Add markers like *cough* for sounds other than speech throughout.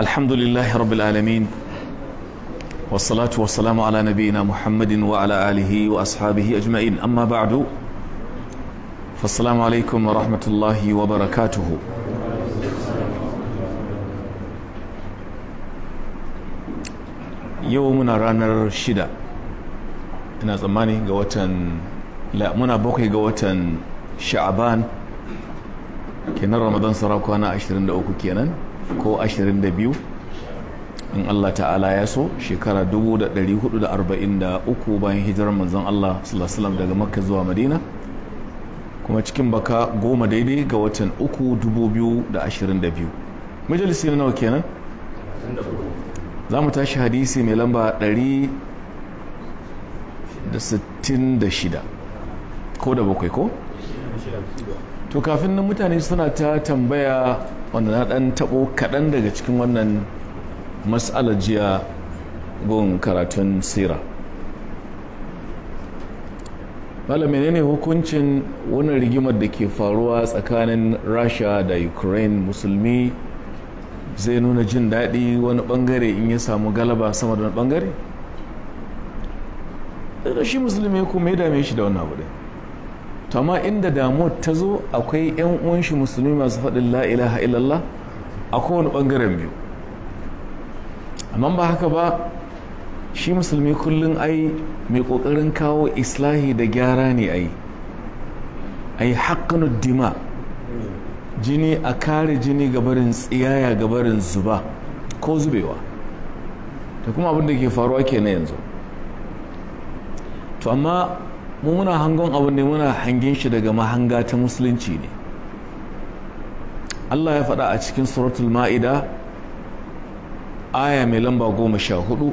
الحمد لله رب العالمين والصلاة والسلام على نبينا محمد وعلى آله وأصحابه أجمعين أما بعد فالسلام عليكم ورحمة الله وبركاته يومنا رانر شدة زماني tsammani لا منا بوكي bakwai شعبان كنا رمضان kenan ramadan عشرين 23 kenan ko 22 in Allah ta'ala ya so shekara 443 bayan hijirar manzon Allah sallallahu daga makka zuwa madina kuma cikin baka goma daidai ga watan 3 majalisi na nawa kenan za mu tashi hadisi mai lamba 166 ko da bakwai ko? to kafin nan mutane suna ta tambaya wanda na dan taɓo kaɗan daga cikin wannan matsalar jiya gun karatun sira malam menene hukuncin wani rigimar da ke faruwa tsakanin rasha da ukraine musulmi zai nuna jin daɗi wani ɓangare in ya samu galaba sama da wani ɓangare? shi musulmi kuma ya dame shi da wannan abu dai to amma inda damuwar ta zo akwai 'yan uwanshi musulmi masu faɗin la ilaha illallah a kowane ɓangaren biyu amma ba haka ba shi musulmi kullum ai mai ƙoƙarin kawo islahi da gyara ne ai ai haƙƙinu dima jini a kare jini gabarin tsiyaya gabarin zuba ko zubewa ta kuma abin da ke faruwa ke na yanzu to amma mu muna hangon abu ne muna hangen shi daga mahanga ta musulunci ne Allah ya faɗa a cikin suratul ma'ida aya mai lamba goma sha hudu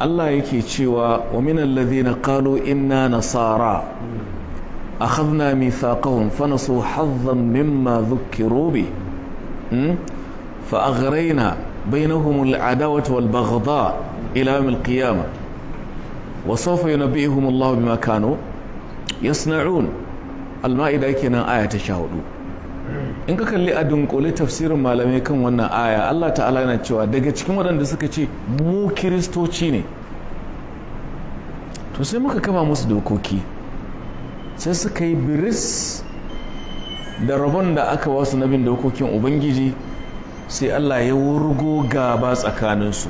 Allah yake cewa wa minan ladhina qalu inna nasara akhadna mithaqahum fanasu hazzan mimma dhukkiru bi hmm? fa aghrayna bainahum al-adawata wal-baghdha ila yawm al-qiyamah وسوف ينبئهم الله بما كانوا يصنعون المائدة كنا آية تشاهدوا in ka kalli a dunkule tafsirin malamai kan wannan aya Allah ta'ala na cewa daga cikin waɗanda suka ce mu kiristoci ne to sai muka kama musu dokoki sai suka yi biris da rabon da aka wasu na bin dokokin ubangiji sai Allah ya wurgo gaba tsakaninsu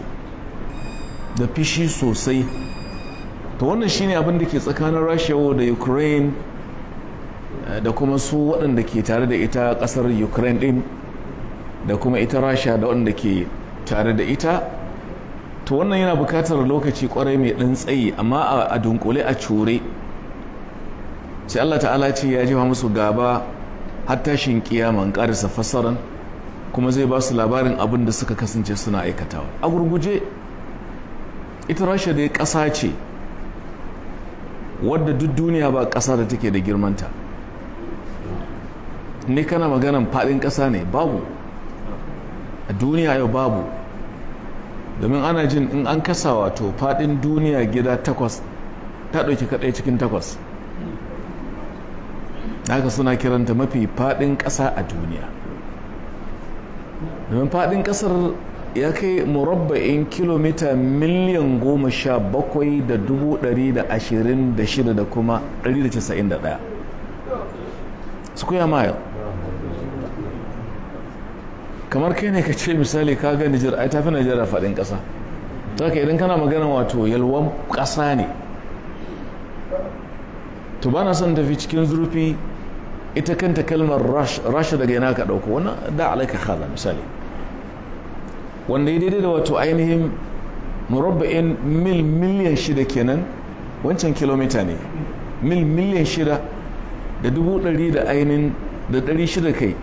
da fishi sosai to wannan shine abin da ke tsakanin rasha da ukraine eh, da kuma su waɗanda ke tare da ita ƙasar ukraine ɗin da kuma ita rasha da waɗanda ke tare da ita to wannan yana buƙatar lokaci ƙwarai mai ɗan tsayi amma a dunkule a cure sai allah ta'ala ce ya jefa musu gaba har tashin kiyaman ƙarisa fassaran kuma zai ba su labarin abin da suka kasance suna aikatawa a gurguje ita rasha dai ƙasa ce wadda duk duniya ba ƙasa da take da girmanta ne kana magana faɗin ƙasa ne babu a duniya yau babu domin ana jin in an kasa wato faɗin duniya gida takwas ta ɗauki kaɗai cikin takwas haka suna kiranta mafi faɗin ƙasa a duniya domin faɗin ƙasar ya kai murabba'in kilomita miliyan goma sha bakwai da dubu ɗari da ashirin da shida da kuma ɗari da casa'in da ɗaya square mile kamar kai ne ka ce misali ka ga nijar ai tafi nijar a faɗin ƙasa ta ka idan kana magana wato yalwan ƙasa ne to ba na son tafi cikin zurfi ita kanta kalmar rasha daga yana ka ɗauko wani da alaika khala misali wanda ya daidai da wato ainihin murabba'in mil miliyan shida kenan wancan kilomita ne mil miliyan shida da dubu ɗari da ainihin da ɗari shida kai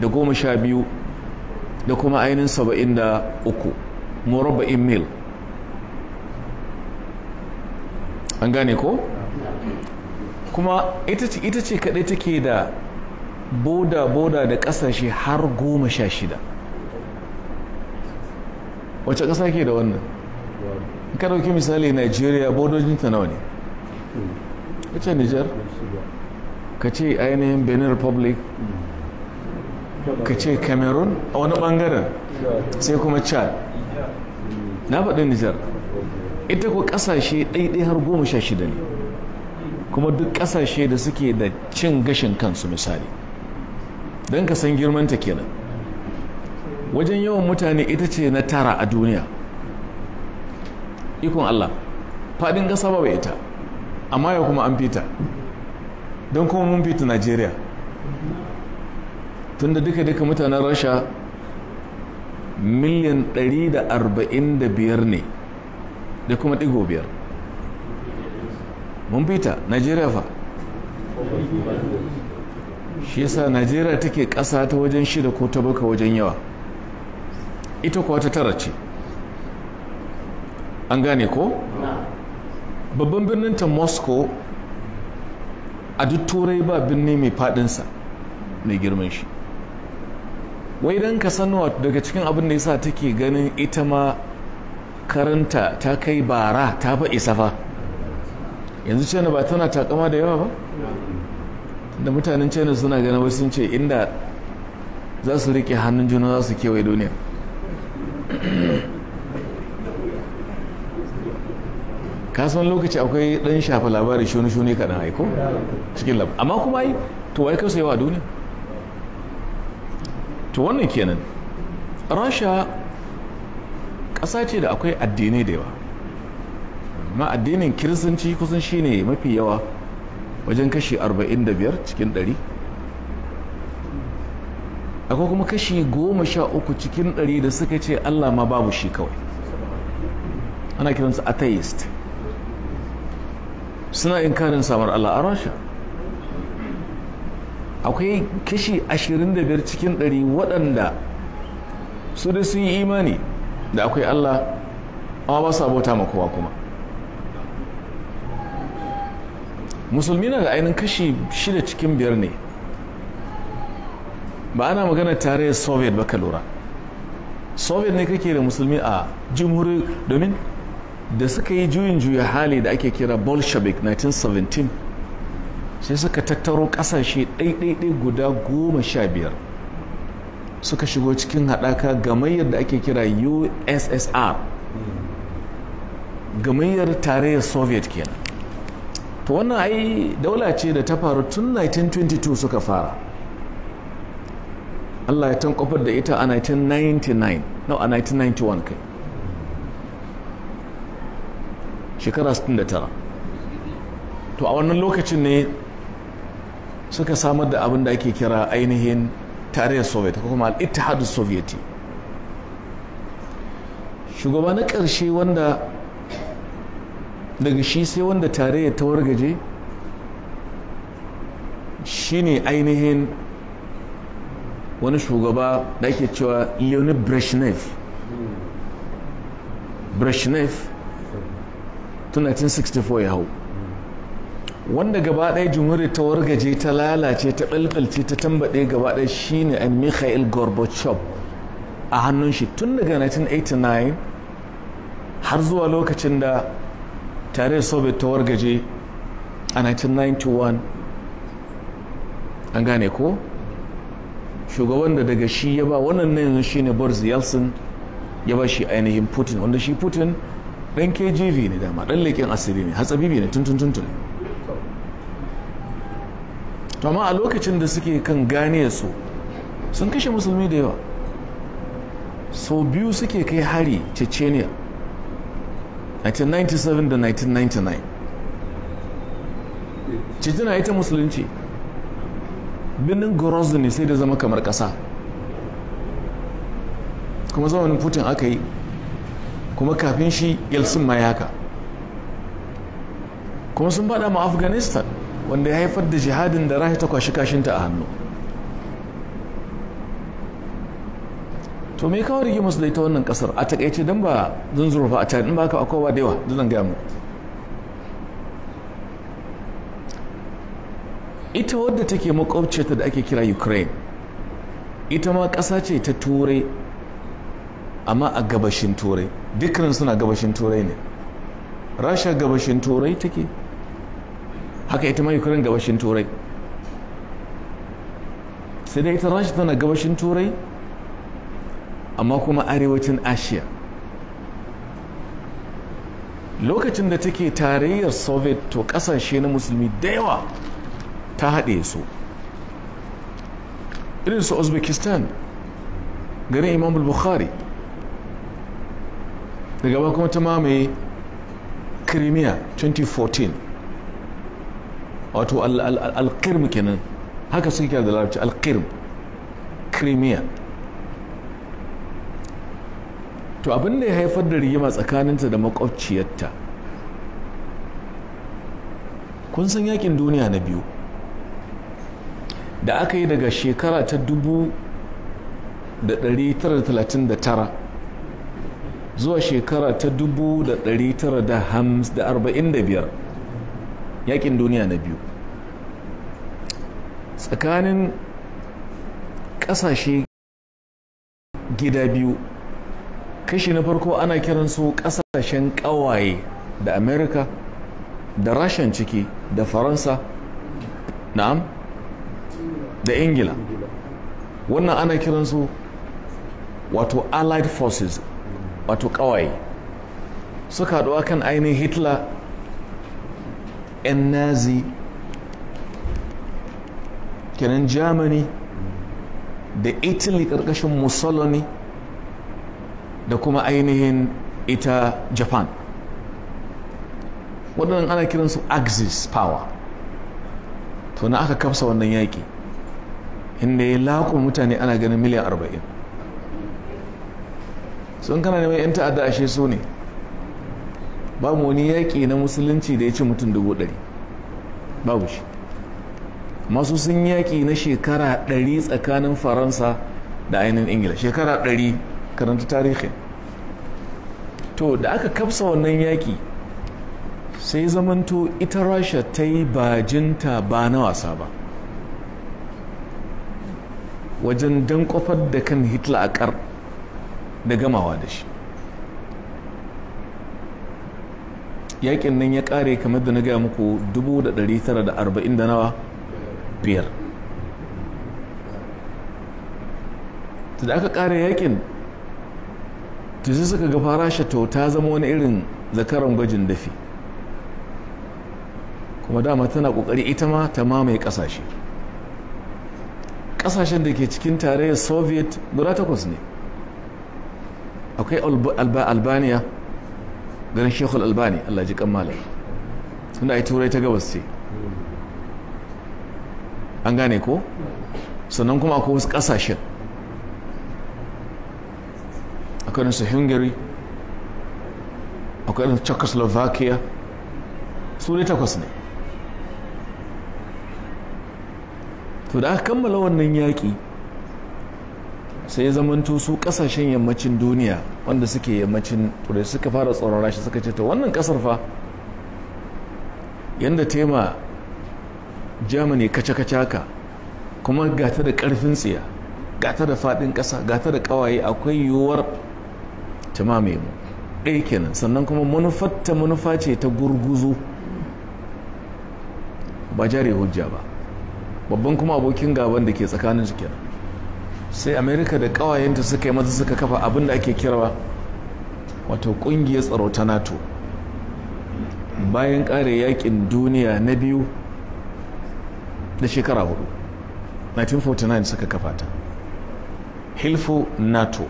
da goma sha biyu da kuma ainihin saba'in da uku murabba'in mil an gane ko kuma ita ce kaɗai take da boda-boda da ƙasashe har goma sha shida wace ƙasa ke da wannan ka ɗauki misali nigeria bodojinta nawa ne ka ce niger ka ce ainihin benin republic ka ce cameroon a wani ɓangaren sai kuma chad na faɗi niger ita ku ƙasashe ɗaiɗai har goma sha shida ne kuma duk ƙasashe da suke da cin gashin kansu misali don ka san girmanta kenan wajen yawan mutane ita ce na tara a duniya ikon Allah faɗin ƙasa ba ita amma ya kuma an fita don kuma mun fita Najeriya tunda duka-duka mutanen rasha miliyan 145 ne da kuma ɗigo biyar mun fita Najeriya fa shi yasa Najeriya take ƙasa ta wajen shida ko ta baka wajen yawa ita kuwa ta tara ce an gane ko babban birnin ta moscow a duk turai ba birni mai fadinsa mai girman shi wai don ka sanuwa daga cikin abin da yasa take ganin ita ma karanta ta kai bara ta fa isa fa yanzu china ba tana takama da yawa ba da mutanen china suna ganin wasu sun ce inda za su rike hannun juna za su kewaye duniya *coughs* kasan lokaci akwai dan shafa labari shuni-shuni kaɗan aiko cikin labari amma kuma yi to wai kasa yawa duniya to wannan kenan rasha ƙasa ce da akwai addinai da yawa amma addinin kiristanci kusan shine mafi yawa wajen kashi 45 cikin 100 akwai kuma kashi goma sha uku cikin ɗari da suka ce Allah ma babu shi kawai ana kiransu atheist suna inkarin samar Allah a rasha akwai kashi ashirin da biyar cikin ɗari waɗanda su da sun yi imani da akwai Allah amma ba su abota ma kowa kuma musulmi na da ainihin kashi shida cikin biyar ne ba ana magana tare soviet ba ka lura soviet ne kake da musulmi a jimhuri domin da suka yi juyin juya hali da ake kira bolshevik 1917 sai suka tattaro kasashe ɗaiɗaiɗai guda goma sha biyar suka shigo cikin haɗaka gamayyar da ake kira ussr gamayyar tarayyar soviet kenan to wannan ai daula ce da ta faru tun 1922 suka fara Allah ya tankwafar da ita a 1999 no a 1991 kai shekara 69 to a wannan lokacin ne suka samar da abin da ake kira ainihin tarayyar soviet ko kuma al'ittihadu Soviet? shugaba na ƙarshe wanda daga shi sai wanda tarayyar ta wargaje shine ainihin wani shugaba da ake cewa leonid brezhnev brezhnev tun 1964 ya hau wanda gaba ɗaya jumhuriyar ta wargaje ta lalace ta ɓalɓalce ta tambaɗe gaba ɗaya shine a mikhail gorbachev a hannun shi tun daga 1989 har zuwa lokacin da tare soviet ta wargaje a 1991 an gane ko? shugaban da daga shi ya ba wannan ne yanzu shine boris yeltsin ya ba shi ainihin putin wanda shi putin dan kgv ne dama dan leƙen asiri ne hatsabibi ne tuntun tuntun to amma a lokacin da suke kan gane su sun kashe musulmi da yawa sau biyu suke kai hari chechenia 1997 da 1999 chechenia ita musulunci birnin ne sai da zama kamar kasa. kuma zamanin putin aka yi kuma kafin shi yeltsin ma yaka kuma sun faɗa ma afghanistan wanda ya haifar da jihadin da rahi ta kwashi kashinta a hannu to me kawo rigimar da ita wannan kasar a takaice don ba zan a can in ba ka akwai wadewa da yawa zan gaya muku ita wadda take makwabciyarta da ake kira ukraine ita ma ƙasa ce ta turai amma a gabashin turai dukkanin suna gabashin turai ne rasha gabashin turai take haka ita ma ukraine gabashin turai sai dai ita rasha tana gabashin turai amma kuma arewacin asiya lokacin da take tarayyar soviet to kasashe na musulmi da yawa ta haɗe su irin su uzbekistan garin imam bukhari da gaba kuma ta mamaye crimea 2014 wato alkirm kenan haka suke kira da larabci alkirm crimea to abin da ya haifar da rigima tsakaninta da makwabciyarta kun san yakin duniya na biyu da aka yi daga shekara ta 1939 zuwa shekara ta 1945 yakin duniya na biyu tsakanin ƙasashe gida biyu kashi na farko ana kiran su ƙasashen ƙawaye da amerika da rashin ciki da faransa na'am da ingila wannan ana kiransu wato allied forces wato kawai suka haɗuwa kan ainihin hitler 'yan nazi kenan germany da italy ƙarƙashin mussolini da kuma ainihin ita japan waɗannan ana kiransu axis power to na aka kamsa wannan yaƙi inda ya laƙo mutane ana ganin miliyan arba'in sun kana neman 'yan ta'adda ashe su ne babu wani yaƙi na musulunci da ya ci mutum dubu ɗari babu shi masu sun yaƙi na shekara ɗari tsakanin faransa da ainihin ingila shekara ɗari karanta tarihin to da aka kafsa wannan yaƙi sai zamanto ita rasha ta yi bajinta ba na wasa ba wajen don kofar da kan hitler a kar da gamawa da shi yakin nan ya kare kamar da na gaya muku 1940 da nawa biyar da aka kare yakin tuzi suka ga farasha to ta zama wani irin zakaran gwajin dafi kuma dama tana kokari ita ma ta mamaye kasashe kasashen da ke cikin tarayyar soviet guda takwas ne akwai albaniya ganin shekul albani allah ji kammala tunda a yi turai ta gabas ce an gane ko sannan kuma akwai wasu kasashen akwai nasu hungary akwai nasu czechoslovakia su ne takwas ne to da aka kammala wannan yaƙi sai zamanto su ƙasashen yammacin duniya wanda suke yammacin turai suka fara tsoron rashi suka ce ta wannan ƙasar fa yadda tema germany kaca-kaca ka kuma gata da ƙarfin tsiya gata da faɗin ƙasa gata da ƙawaye akwai yiwuwar ta mamaye mu ɗaya kenan sannan kuma manufatta manufa ce ta gurguzu ba jare hujja ba babban kuma abokin gaban da ke tsakanin su kenan sai amerika da ƙawayenta suka yi maza suka kafa abin da ake kirawa wato ƙungiyar tsaro ta nato bayan ƙare yakin duniya na biyu da shekara hudu 1949 suka kafa ta hilfo nato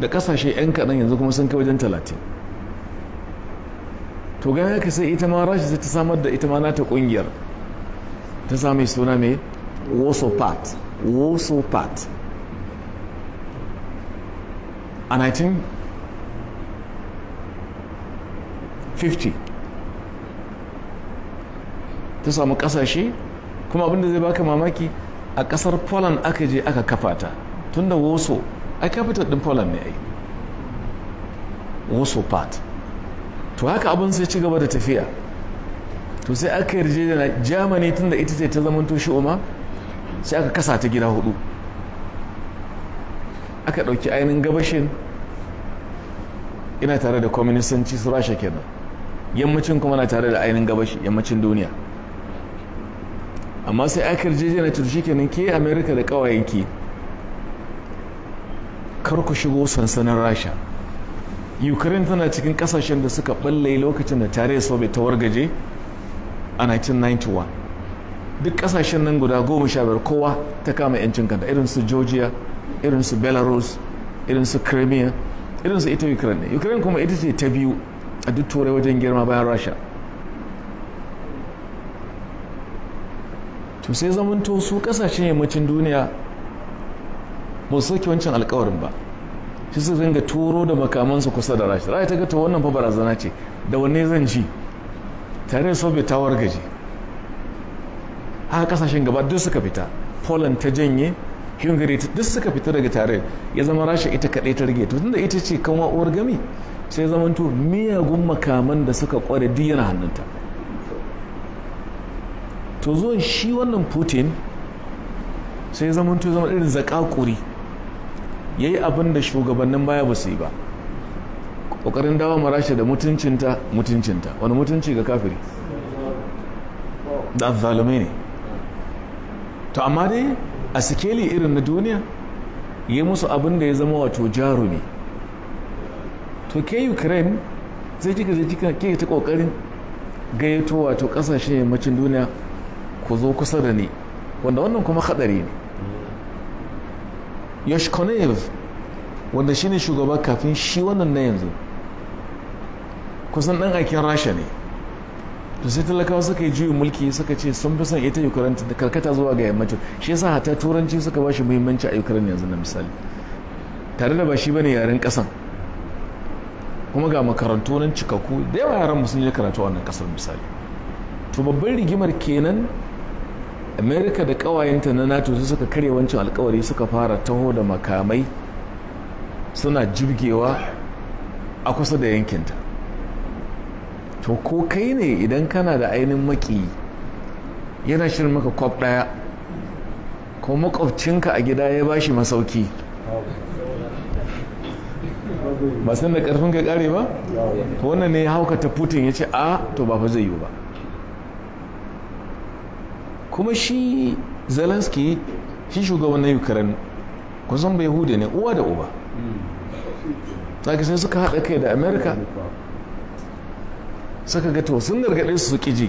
da kasashe 'yan kaɗan yanzu kuma sun kai wajen talatin to gani haka sai ita ma rashi sai ta samar da ita ma nata ƙungiyar ta sa mai suna mai wosopat wosopat a 1950 ta samu kasashe kuma da zai baka mamaki a kasar poland aka je aka kafa ta tun da woso ai capital din poland ne ai pat to haka abin sai ci gaba da tafiya to sai aka yarje da germany tun da ita ce ta zama toshi oma sai aka kasa ta gida hudu aka dauki ainihin gabashin ina tare da kwaminisanci su rasha kenan yammacin kuma na tare da ainihin gabashi yammacin duniya amma sai aka yarje da toshi kenan ke america da kawayenki kar ku shigo sansanin rasha ukraine tana cikin kasashen da suka balle lokacin da tare soviet ta wargaje a 1991 duk kasashen nan guda goma sha biyar kowa ta kama yancin kanta irin su georgia irin su belarus irin su crimea irin su ita ukraine ukraine kuma ita ce ta biyu a duk turai wajen girma bayan rasha to sai to su kasashen yammacin duniya ba su sauke wancan alkawarin ba shi su ringa turo da makamansu kusa da rasha rai ta gata wannan fa barazana ce da wanne zan ji tare soviet ta gaji haka kasashen gaba duk suka fita poland ta janye hungary duk suka fita daga tare ya zama rasha ita kaɗai ta rage tun da ita ce kanwa uwar gami sai zama to miyagun makaman da suka kware duk yana hannunta to zuwan shi wannan putin sai to zama irin zakakuri ya yi abin da shugabannin baya ba su yi ba kokarin dawa ma rasha da mutuncinta mutuncinta wani mutunci ga kafiri da zalume ne to amma dai a sikeli irin na duniya yi musu abin da ya zama wato jarumi to ke ukraine zai jika zai kika ke ta kokarin gayyato wato kasashen yammacin duniya ku zo kusa da ni wanda wannan kuma hadari ne yashkonev wanda shine shugaba kafin shi wannan na yanzu kusan ɗan aikin rasha ne to sai talakawa suka yi juyin mulki suka ce sun fi son ita ukraine da karkata zuwa ga yammacin shi yasa hata turanci suka ba shi muhimmanci a ukraine yanzu na misali tare da ba shi bane yaren kasan kuma ga makarantu nan cikakku da yawa yaran sun ya karatu a wannan kasar misali to babban rigimar kenan amerika da kawayenta na nato su suka karya wancan alkawari suka fara taho da makamai suna jibgewa a kusa da yankinta to ko kai ne idan kana da ainihin maki yana shirin maka kwaf ɗaya ko makwabcinka a gida ya bashi masauki ba san da karfin ka kare ba to wannan ne ya haukata putin ya ce a to ba fa zai yiwu ba kuma shi zelensky shi shugaban na ukraine kusan bai hude ne uwa da uba sai suka haɗa kai da america suka ga to sun gargaɗe su su ƙiji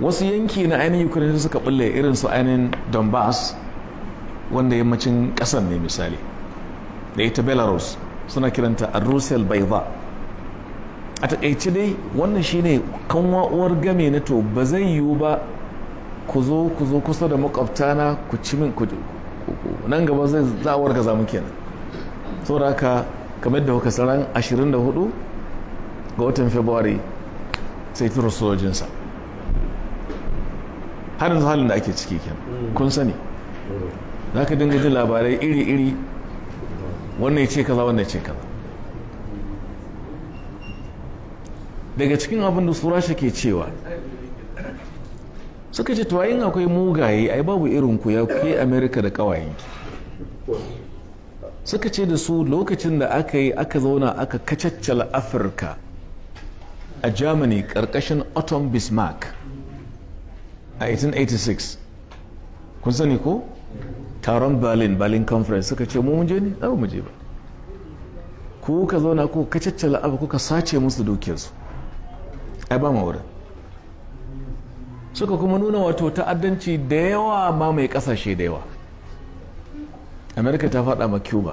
wasu yanki na ainihin ukraine suka bulle irin su ainihin donbass wanda yammacin ƙasar ne misali da ita belarus suna kiranta a rusel baiva a takaice dai wannan shine kanwa uwar game na to ba zai yiwu ba ku zo ku zo kusa da makwabtana ku ci min ku nan gaba zai za warga zamu kenan saboda haka kamar da kuka saran 24 ga watan february sai turo sojinsa har yanzu halin da ake ciki kyan kun sani za ka dinga jin labarai iri-iri wannan ya ce kaza wannan ya ce kaza daga cikin abin da surasha ke cewa suka ce tuwayin akwai mugaye ai babu irin ku ya kuyi amerika da kawayenki suka ce da su lokacin da aka yi aka zauna aka kacaccala afirka a germany ƙarƙashin otton bismarck a 1886 kun sani ko taron berlin berlin conference suka ce mun je ne a mu je ba ku ka zauna ko ka caccala abu kuka sace musu dukiyarsu ai ba ma wurin suka kuma nuna wato ta'addanci da yawa ma mai kasashe da yawa amerika ta faɗa ma cuba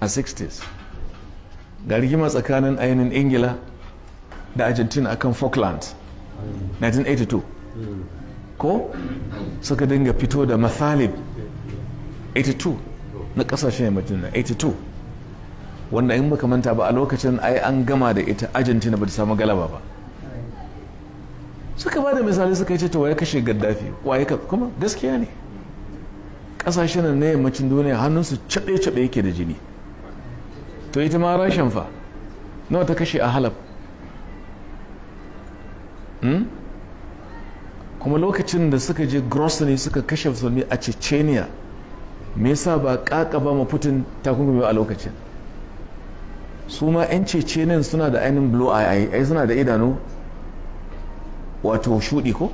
a 60s ga rigima tsakanin ainihin ingila da argentina akan falklands 1982 ko suka dinga fito da mathalib 82 na kasashen yammacin 82 wanda in baka manta ba a lokacin ai an gama da ita argentina ba ta samu galaba ba suka ba da misali suka ce to ya kashe gaddafi waye ka kuma gaskiya ne kasashen na yammacin duniya hannunsu caɓe-caɓe yake da jini to ita ma rashin fa nawa ta kashe a halab Hmm? kuma lokacin da suka je grosny suka kashe musulmi a chechenia me yasa ba ba ma putin takunkumi a lokacin su ma 'yan chechenian suna da ainihin blue eye ai suna da idanu wato shudi ko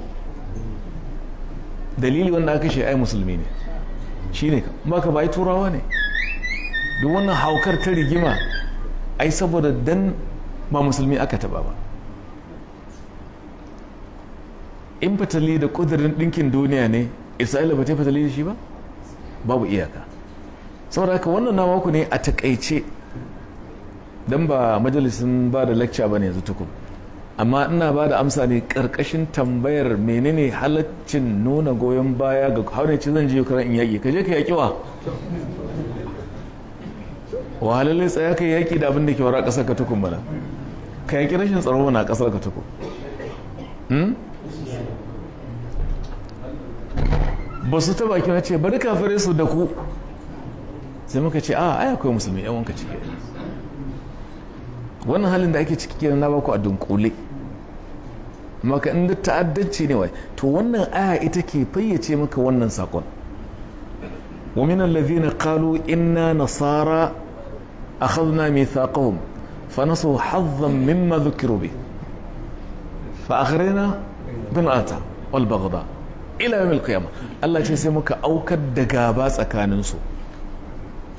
dalili wanda aka kashe ai musulmi ne shi ne ka ba turawa ne duk wannan haukar ta rigima ai saboda dan ba musulmi aka taba ba in fatali da kudurin ɗinkin duniya ne isra'ila ba ta fatali da shi ba babu iyaka saboda haka wannan na maku ne a takaice don ba majalisun ba da lecture ba ne yanzu tukun amma ina ba da amsa ne karkashin tambayar menene halaccin nuna goyon baya ga haure ci zan je ukraine in yaƙi ka je ka yaƙi wa wahalalle tsaya ka yaƙi da abin da ke wara ƙasar ka tukun bana ka yaƙi rashin tsaro na ƙasar ka tukun hmm? ba su taba kina ce bari kafare su da ku sai muka ce a ai akwai musulmi yan wanka cike. wannan halin da ake ciki kenan na baku a dunkule maka inda ta'addanci ne wai to wannan aya ita ke fayyace maka wannan sakon wa min alladhina qalu inna nasara akhadna mithaqahum fa nasu hazzan mimma dhukiru bi fa akhrajna bin ata wal baghdha ila yawmil qiyama Allah ce sai muka aukar da gaba tsakanin su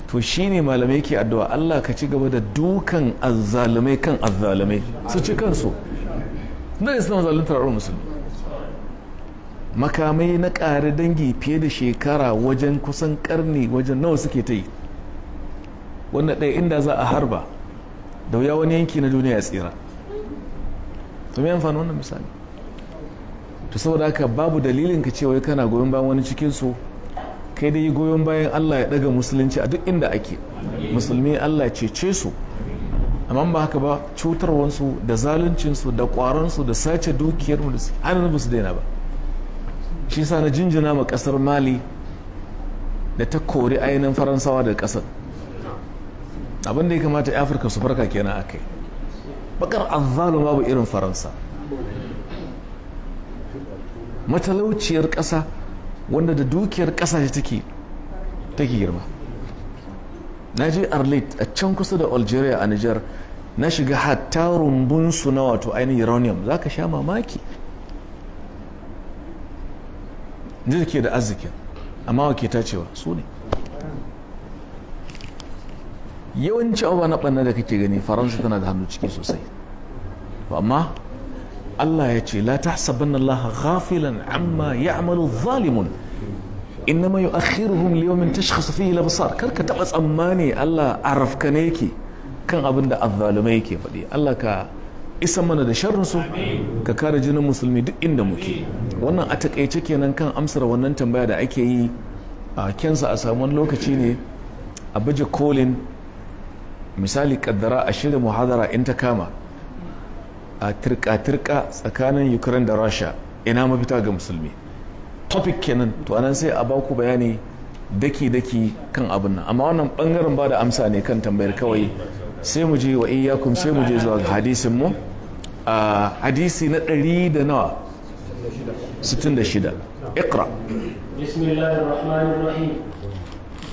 to shine malamai ke addu'a Allah ka ci gaba da dukan azzalumai kan azzalumai su ci kansu na islam zalunta ra'ar musulmi makamai na ƙare dangi fiye da shekara wajen kusan ƙarni wajen nawa suke ta yi wannan ɗaya inda za a harba da wuya wani yanki na duniya ya tsira to me amfani wannan misali to saboda haka babu dalilin ka cewa kana goyon bayan wani cikin su kai dai goyon bayan Allah ya daga musulunci a duk inda ake musulmi Allah ya cece su amma ba haka ba cutarwansu da zaluncinsu da kwaransu da sace dukiyar mu da an ba su daina ba shi sa na jinjina ma kasar Mali da ta kori ainihin Faransawa da kasar abin da ya kamata Afirka su farka kenan akai bakar azzalu babu irin Faransa matalauciyar ƙasa wanda da dukiyar ƙasashe take take girma na je arlit a can kusa da algeria a niger na shiga hatta rumbunsu na wato ainihin uranium za ka sha mamaki da ke da arzikin amma wake ta cewa su ne yawanci abubuwa na ɓanna da kake gani faransa tana da hannu ciki sosai amma Allah ya ce la tahsabanna Allah ghafilan amma ya'malu zalimun innama yu'akhiruhum liyawmin tashkhasu fihi al kar ka taba tsammani Allah arafka ne yake kan abin da azzalumai ke faɗi Allah ka isa mana da sharrinsu ka kare jinin musulmi duk inda muke wannan a takaice kenan kan amsar wannan tambaya da ake yi a kensa a samun lokaci ne a baje kolin misali kaddara a shirin muhadara in ta kama a turka-turka tsakanin ukraine da russia ina mafita ga musulmi topic kenan to anan sai a baku bayani daki-daki kan abin nan amma wannan bangaren ba da amsa ne kan tambayar kawai sai mu je wa iyakum sai mu je zuwa ga hadisin mu a hadisi na ɗari da nawa 66 اقرأ بسم الله الرحمن الرحيم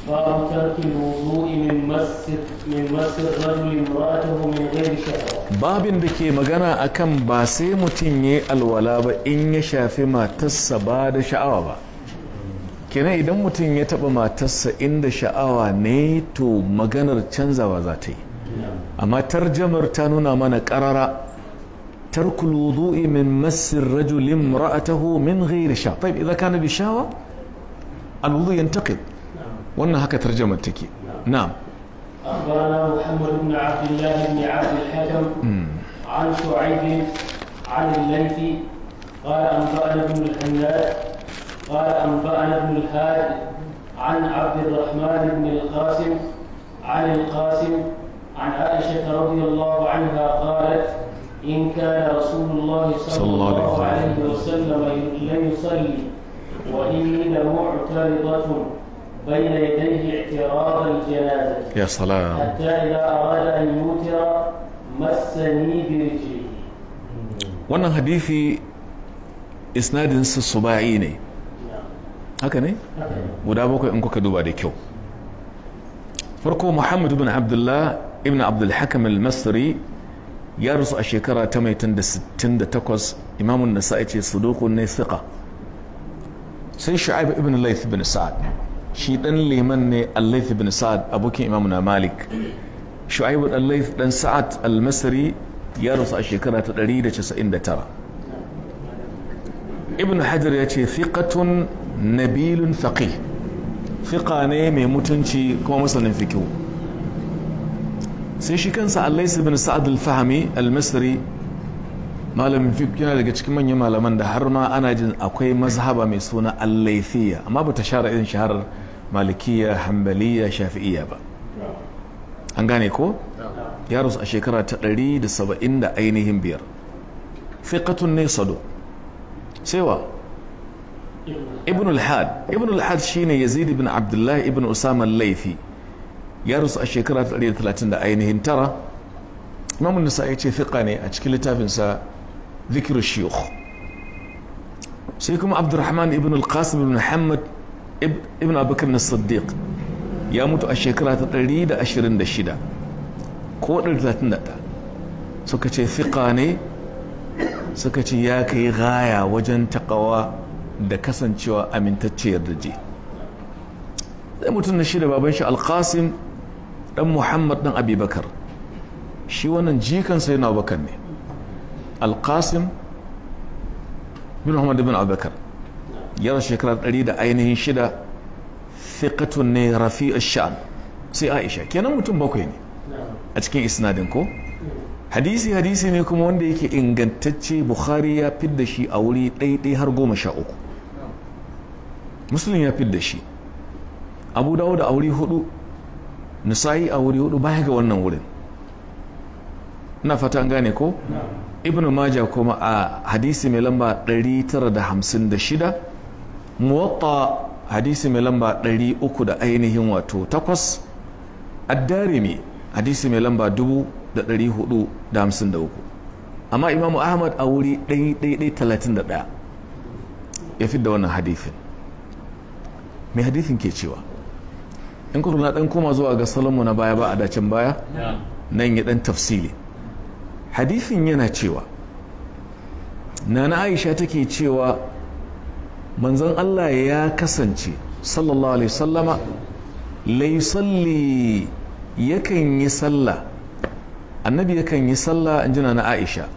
باب ترك الوضوء من مس من مس الرجل امرأته من غير شهوة babin da ke magana akan ba sai mutum ya yi alwala ba in ya shafi matarsa ba da sha'awa ba kenan idan mutum ya taɓa matarsa inda sha'awa ne to maganar canzawa za ta yi amma tarjamar ta nuna mana ƙarara ترك الوضوء من min الرجل امرأته من غير شهوة bi shawa كان بشهوة الوضوء ينتقد وأنها كترجمة تكي نعم أخبرنا محمد بن عبد الله بن عبد الحكم عن شعيب عن الليث قال أنبأنا ابن الحناد قال أنبأنا ابن الهاد عن عبد الرحمن بن القاسم عن القاسم عن عائشة رضي الله عنها قالت إن كان رسول الله صلى الله عليه وسلم يصلي وإني لمعترضة بين يديه اعتراض الجنازة يا سلام حتى إذا أراد أن يوتر مسني برجله wannan hadithi isnadinsa suba'i ne haka ne guda bakwai in kuka duba da kyau farko muhammad ibn abdullah ibn abdul hakam al-masri ya rasu a shekara ta mai da 68 imamun nasa ce sudukun ne siqa sai shu'aib ibn laith ibn sa'ad shi dan liman ne Allaith bin Sa'ad abokin Imam na Malik shu'aibu Allaith dan Sa'ad al-Masri ya rasu a shekara ta 199 Ibn Hajar ya ce thiqatun nabilun faqih fiƙa ne mai mutunci kuma masanin fiqh sai shi kansa Allaith ibn Sa'ad al-Fahmi al-Masri malamin fiqh yana daga cikin manyan malaman da har ma ana jin akwai mazhaba mai suna Allaithiyya amma bata share irin shaharar malikiya hambaliya shafi'iya ba an gane ko ya rasu a shekara ta 170 da ainihin biyar fiqatun ne sado sewa ibn al-had ibn al-had shine yazid ibn abdullahi ibn usama al-laifi ya rasu a shekara ta 130 da ainihin tara imam nisa ya ce fiqa ne a cikin littafinsa dhikru shiyukh sai kuma abdurrahman ibn al-qasim ibn muhammad ibn abubakar na siddiq ya mutu a shekara ta 126 ko 131 suka ce fiƙa ne suka ce ya kai gaya wajen taƙawa da kasancewa amintacce je zai mutum na shida baban shi alƙasim ɗan muhammad ɗan abubakar shi wannan jikan sai na abubakar ne alƙasim bin muhammad bin abubakar yawan shekara ɗari da ainihin shida fiƙatun ne rafi sha'an sai aisha kenan mutum bakwai ne a cikin isnadin ko hadisi hadisi ne kuma wanda yake ingantacce bukhari ya fidda shi a wuri ɗaiɗai har goma sha uku musulun ya fidda shi abu dawo da a wuri hudu nisa'i a wuri hudu baya ga wannan wurin ina fata an gane ko ibnu maja kuma a hadisi mai lamba 956 muwatta hadisi mai lamba 300 da ainihin wato takwas addarimi hadisi mai lamba 453 amma imamu ahmad a wuri 1131 ya fi da wannan hadisin mai hadisin ke cewa in kuka na dan koma zuwa ga salamu na baya ba a dacin baya nan ya dan tafsili hadifin yana cewa nana aisha take cewa manzon Allah ya kasance sallallahu alaihi sallama laisalli yakan yi sallah annabi yakan yi sallah in jina na aisha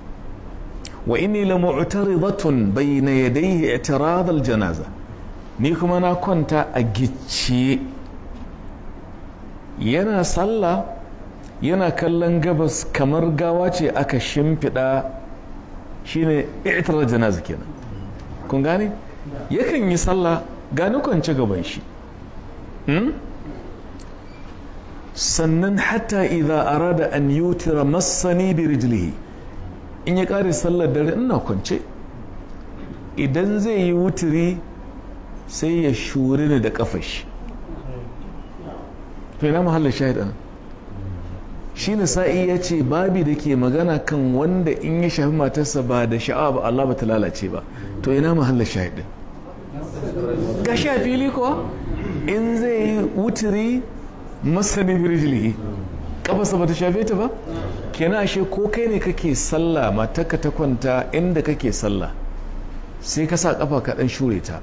wa inni la mu'taridatun bayna yadayhi i'tirad al janaza ni kuma na kwanta a gicciye yana sallah yana kallon gabas kamar gawa ce aka shimfiɗa shine i'tirad janaza kenan kun gane yakan yi sallah gani kwance gaban shi hmm? sannan hatta idza arada an yutira masani bi rijlihi in ya kare sallar dare ina kwance idan zai yi wuturi sai ya shuri ni da kafar shi to ina mahallar shahid an shi sa'i ya ce babi da ke magana kan wanda in ya shafi matarsa ba da sha'awa ba Allah ba ta lalace ba to ina mahallar shahidin ga sha fili ko in zai yi wuturi masani birjili kafasa ba ta shafe ta ba kenan ashe ko kai ne kake sallah matarka ta kwanta inda kake sallah sai ka sa kafa ka dan shure ta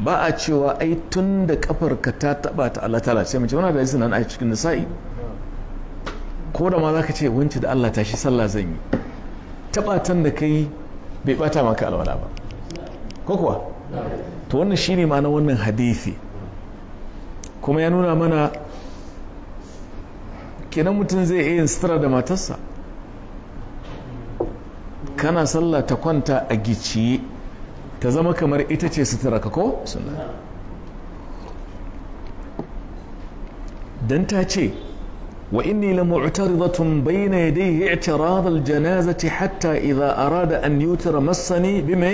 ba a cewa ai tun da kafar ka ta taba ta Allah ta'ala sai mace muna da yasa nan a cikin nisa'i ko da ma zaka ce wanci da Allah tashi sallah zan yi taba tan da kai bai bata maka alwala ba ko kuwa to wannan shine ma'ana wannan hadisi kuma ya nuna mana kenan mutum zai iya sutura da matarsa kana sallah ta kwanta a giciye ta zama kamar ita ce sutura ka ko dan ta ce وإني لمعترضة بين يديه اعتراض janazati hatta إذا arada an يوتر مسني بما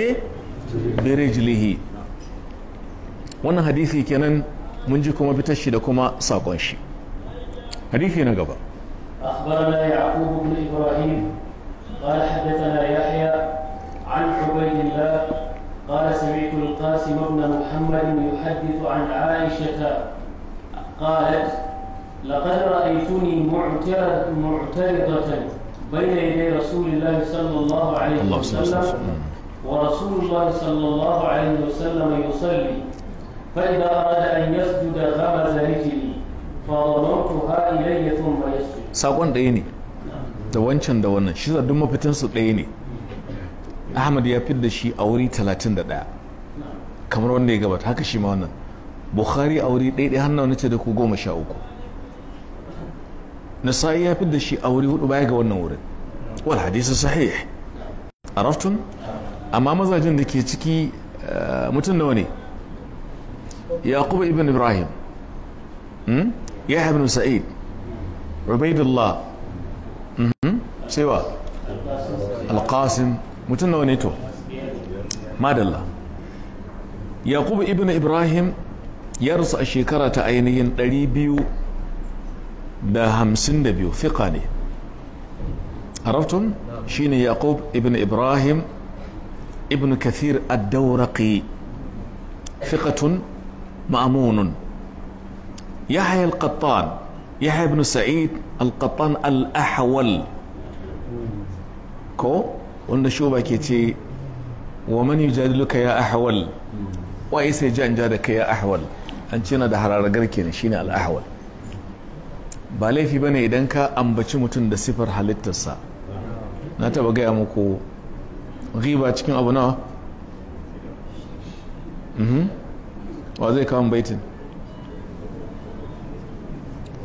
برجله wannan حديثي kenan mun كما kuma كما shi حديثي نقبا أخبرنا يعقوب بن إبراهيم قال حدثنا يحيى عن عبيد الله قال سمعت القاسم بن محمد يحدث عن عائشة قالت لقد رأيتني معترضة بين يدي رسول الله صلى الله عليه وسلم ورسول الله صلى الله عليه وسلم يصلي فإذا أراد أن يسجد غمز رجلي فضمرتها إلي ثم يسجد ساقون ديني da wancan da wannan shi duk su ɗaya ne ahmad ya fi da shi a wuri 31 kamar wanda ya gabata haka shi ma wannan bukhari a wuri ɗaya ɗaya hannun ce da ku goma sha uku nasa'i ya fi da shi a wuri hudu baya ga wannan wurin wal hadisi sahih araftun amma mazajen da ke ciki eh, mutum nawa ne yaqub ibn ibrahim hmm? yahya ibn sa'id ubaidullah hmm? sai wa alqasim mutum nawa ne to madalla yaqub ibn ibrahim ya rasu a shekara ta ainihin 252 fiqa ne عرفتم shine yaqub ibn ibrahim. ibnu kathir ad-dawraqi fiqatun ma'amunun yahya al-qattan yahya ibn sa'id al-qattan al-ahwal ko wanda shuba ce wa man yujadiluka ya ahwal wa sai jan ja da kai ya ahwal an ce da hararagar kenan shine al-ahwal ba laifi bane idan ka ambaci mutum da siffar halittarsa na taba gaya maku. riba cikin abu nawa mhm. wa zai kawo baitin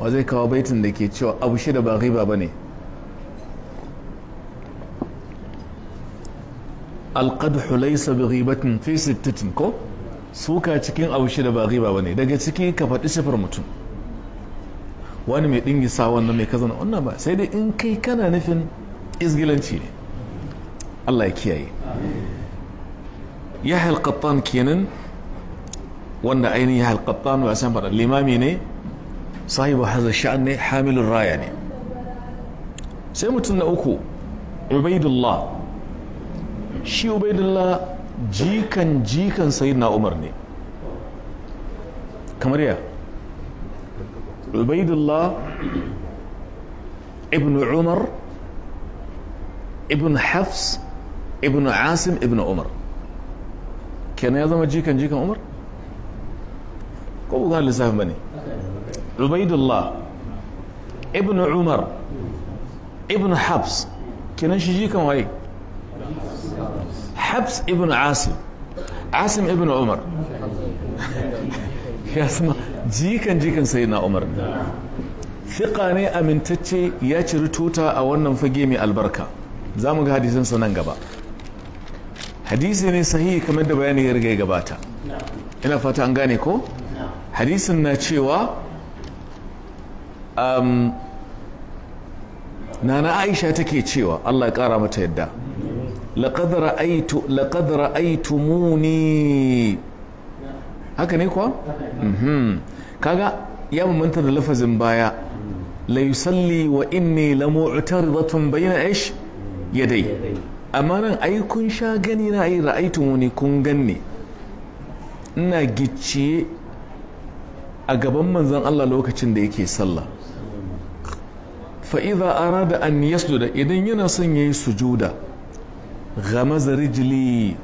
wa zai kawo baitin da ke cewa abu shida ba riba ba ne alƙadhu laisa bi ribatin fi sittatin ko suka cikin abu shida ba riba ba ne daga cikin ka faɗi sifar mutum wani mai ɗingisa wannan mai kazana wannan ba sai dai in kai kana nufin izgilanci ne Allah ya kiyaye ya halqattan kenan wanda ainihin ya halqattan ba san fara limami ne sahibu hadha sha'an ne hamilur raya ne sai mutum na uku ubaidullah shi ubaidullah jikan jikan sayyidina umar ne kamar ya ubaidullah ibn umar ibn hafs ibn asim ibn umar kenan ya zama jikan jikan umar ko bugan lissafin bane ubaidullah ibn umar ibn habs kenan shi jikan waye habs ibn asim asim ibn umar *laughs* ya zama jikan jikan sai na umar fiƙa ne amintacce ya ciri tuta a wannan fage mai albarka za mu ga hadisansa nan gaba hadisi ne sahihi kamar da bayani ya riga ya gabata ina fata an gane ko hadisin na cewa na um, nana aisha take cewa allah ya kara mata yadda لقد ra'aitu muni haka ne kuwa mhm. kaga ya mamanta da lafazin baya laisalli salli wa inni la mu'taridatun bayna ish yadai amma nan ai kun sha gani na ai ra'aitun wani kun ganne ina gicciye a gaban manzan Allah lokacin da yake sallah fa'iza arada an da idan yana son ya yayi sujuda ghamaza rijli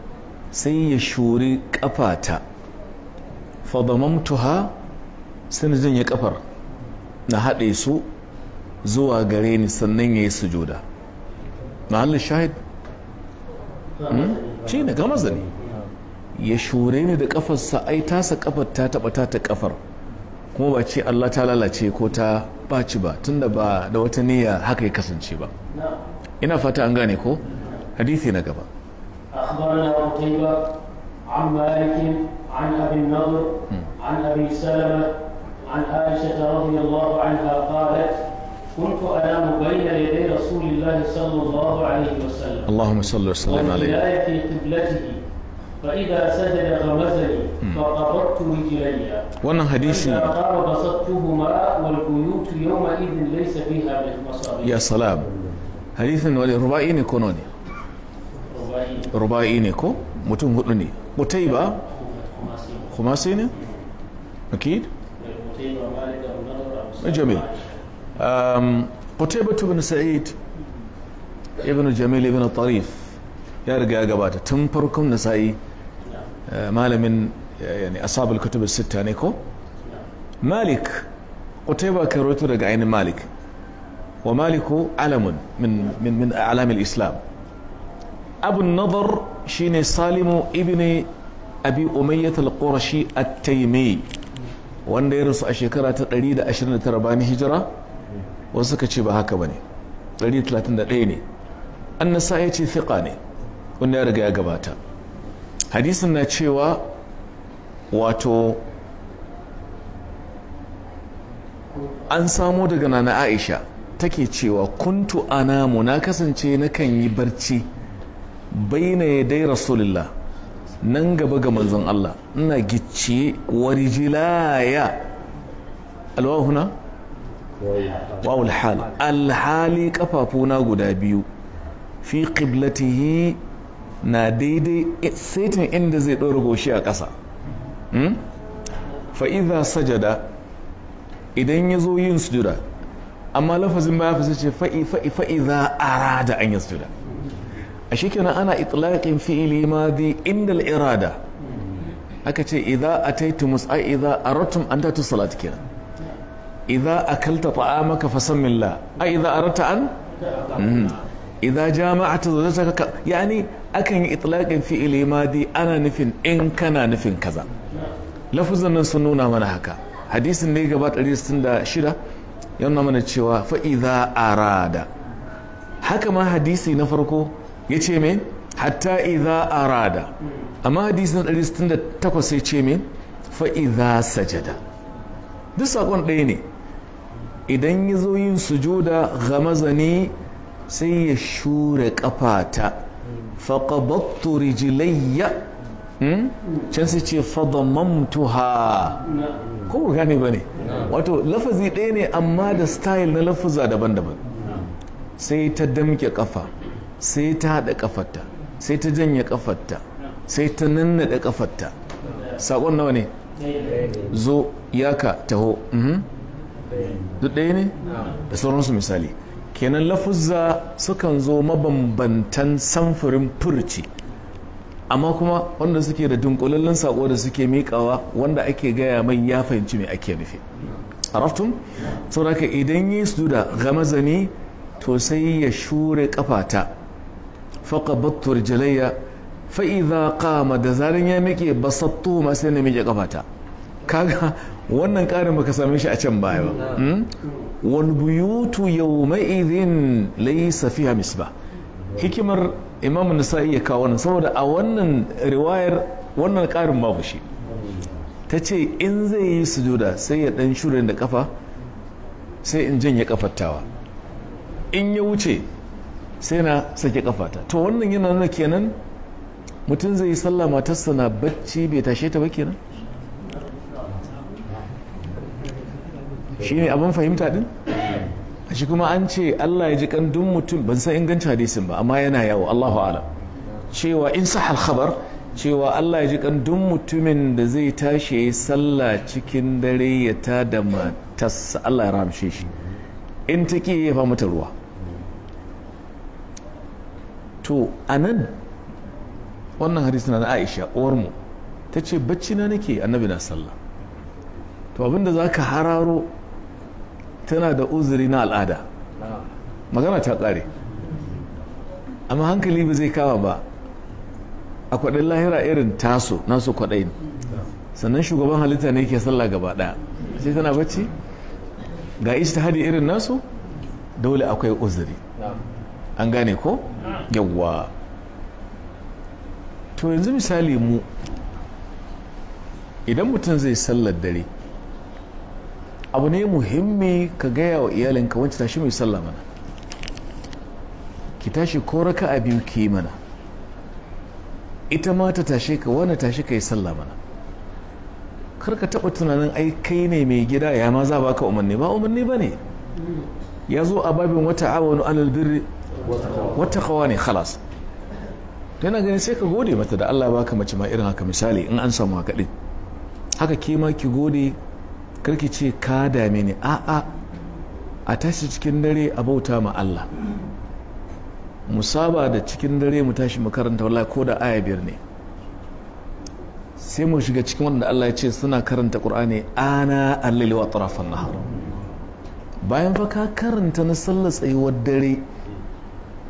sai ya shuri kafata fa damamtuha sai jin janye kafar na haɗe su zuwa gare ni sannan ya yayi sujuda mahallin shahid shi ne gamas da ya shure ni da kafarsa ai tasa kafar ta taba ta ta kafar kuma ba ce Allah ta lalace ko ta baci ba tunda ba da wata niyya haka ya kasance ba ina fata an gane ko hadisi na gaba أخبرنا قتيبة عن مالك عن أبي النضر hmm. عن أبي سلمة عن عائشة رضي الله عنها قالت كنت أنام بين يدي رسول الله صلى الله عليه وسلم اللهم صل وسلم عليه وفي في قبلته فإذا سجد غمزني فقبضت رجلي وانا حديثي فإذا قام بسطتهما والبيوت يومئذ ليس فيها مصابيح يا سلام حديث رباعي نكونوني ربائي ne ruba'i هدوني متيبا خماسيني أكيد ne mutaiba kuma sai Um, Qutaybah ibn Sa'id ibn Jamil ibn Tarif ya riga ya gabata tun farkon Nasa'i uh, malamin uh, yani asabul kutub sitta ne ko Malik Qutaybah ka rawaito daga ainihin Malik wa Maliku alamun min min min a'lamil Islam Abu Nadar shine Salimu ibn Abi Umayyah al-Qurashi at-Taymi wanda ya rasu a shekara ta 129 bayan hijira wasu suka ce ba haka ba ne 131 ne annasa ya ce fiƙa ne wanda ya riga ya gabata hadisin na cewa wato an samo daga nana aisha take cewa kuntu anamu na kasance nakan yi barci baina ya dai rasulullah nan gaba ga manzon Allah ina gicciye warijilaya alwahuna wawul hal alhali kafafuna guda biyu fi qiblatihi na daidai setin inda zai ɗora goshi a ƙasa hmm? fa'iza sajada idan ya zo yin sujuda amma lafazin ba ya fi sace fa'iza an yi sujuda a shi kenan ana itlaƙin fi'ili ma inda al'irada aka ce idza ataitu mus'a a aratum an tatu kenan idza akalta maka ta'amaka a ai idza aradta an idan hmm. ta idza jama'ata zawjataka yani akan yi itlaqin fi'ili madi ana nufin in kana nufin kaza lafuzan nan sun nuna mana haka hadisin da ya gabata 166 ya nuna mana cewa fa idza arada haka ma hadisi na farko ya ce me hatta idza arada amma hadisi na 168 sai ce me fa idza sajada duk sakon ɗaya ne idan ya zo yin sujuda gamazani sai ya shure kafata faqabattu rijlayya hmm? can sai ce fadamamtuha ko ku gane ba ne wato lafazi ɗaya ne amma da style na lafaza daban-daban sai ta damke kafa sai ta haɗa kafarta sai ta janye kafarta sai ta nannaɗe kafarta saƙon nawa ne zo yaka taho hmm? duk ɗaya ne da sauransu misali kenan lafuzza sukan zo mabambantan samfurin furci amma kuma wanda suke da dunkulallen saƙo da suke miƙawa wanda ake gaya mai ya fahimci mai ake nufi araftun saboda idan yi su da gamazani to sai ya shure kafata batur jalayya fa idza kama da zarin ya miƙe basattu ma sai na miƙe kafata kaga wannan karin baka same shi a can baya ba hmm? wani buyutu yawma idhin laysa fiha ba hikimar imam nasa'i ya kawo wannan saboda a wannan riwayar wannan ƙarin babu shi ta ce in zai yi sujuda sai ya ɗan shirin da kafa sai in janye kafattawa in ya wuce sai na sake kafata to wannan yana nuna kenan mutum zai yi sallah matarsa na bacci bai tashe ta ba kenan shi ne abin fahimta din hmm. shi kuma an ce Allah ya ji kan duk mutum ban san ingancin hadisin ba amma yana yawo Allahu ala cewa in sahal khabar cewa Allah ya ji kan duk mutumin da zai tashi ya sallah cikin dare ya ta da matarsa Allah ya rahamshe shi in ta ki ya fa mata ruwa to anan wannan hadisin na Aisha uwar mu tace bacci na nake annabi na sallah to abinda zaka hararo tana da uzuri na al'ada magana ta ƙare amma hankali ba zai kama ba a kwaɗin lahira irin taso nasu kwaɗayin sannan shugaban halitta ne ke sallah gaba ɗaya sai tana bacci ga hadi irin nasu dole akwai uzuri an gane ko yawwa to yanzu misali mu idan mutum zai sallar dare abu ne muhimmi ka gaya wa iyalinka wancan tashi mai sallah mana ki tashi ko raka a biyu ki mana ita ma ta tashe ka wani tashi ka yi sallah mana kar ka taɓa tunanin ai kai ne mai gida ya ma za ka umarni ba umarni ba ne ya zo a babin wata awonu alal wata kawa ne khalas yana gani sai ka gode mata da Allah baka mace ma irin haka misali in an samu haka din haka ke ma ki gode karki ce ka dame ni a'a a tashi cikin dare a bauta ma Allah mu saba da cikin dare mu tashi mu karanta wallahi ko da aya biyar ne sai mu shiga cikin wanda Allah ya ce suna karanta Qur'ani ana allili wa atrafan nahar bayan fa ka karanta na sallar tsayuwar dare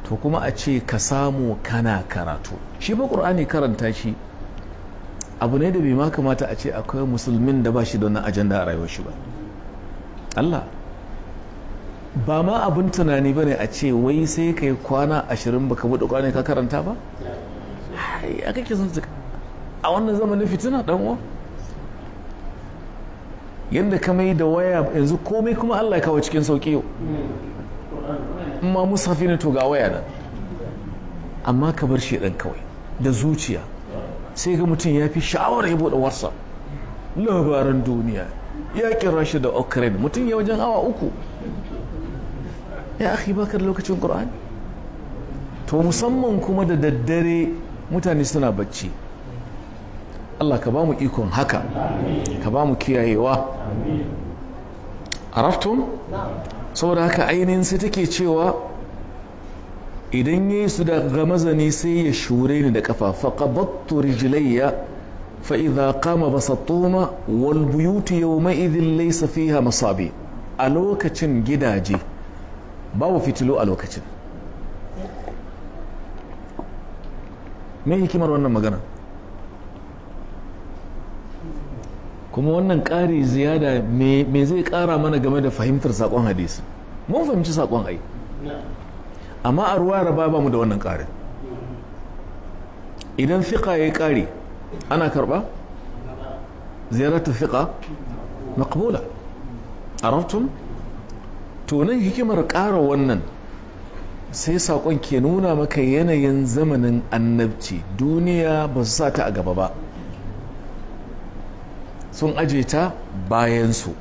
to kuma a ce ka samu kana karatu shi fa Qur'ani karanta shi abu ne da bai ma kamata a ce akwai musulmin da ba shi da wannan ajanda a rayuwar shi ba Allah ba ma abin tunani ba ne a ce wai sai ka yi kwana ashirin baka buɗe kwana ka karanta ba a kake son a wannan zamanin fitina dan uwa yadda ka mai da waya yanzu komai kuma Allah ya kawo cikin sauƙi yau ma musafi ne to ga waya nan amma ka bar shi ɗan kawai da zuciya sai ga mutum ya fi sha'awar ya buɗe warsa. labaran duniya ya kira shi da ukraine mutum ya wajen awa uku ya akhi baka da lokacin ƙura'ani to musamman kuma da daddare mutane suna bacci allah ka ba mu ikon haka ka ba mu kiyayewa a raftun saboda haka ainihin sai take cewa idan ya yi su da mazani sai ya shure ni da kafa faqabattu rijlayya fa idza qama basatuma wal buyutu yawma idhin laysa fiha masabi a lokacin gidaje babu fitilo a lokacin me hikimar wannan magana kuma wannan ƙari ziyada me zai ƙara mana game da fahimtar saƙon hadisi mun fahimci saƙon ai amma a ruwa raba ba mu da wannan ƙarin idan fiƙa ya yi ƙari ana karɓa ziyaratu fiƙa maƙabula a raftun tonin hikimar ƙara wannan sai saƙon ke nuna maka yanayin zamanin annabci duniya ba su sa ta a gaba ba sun aje ta bayansu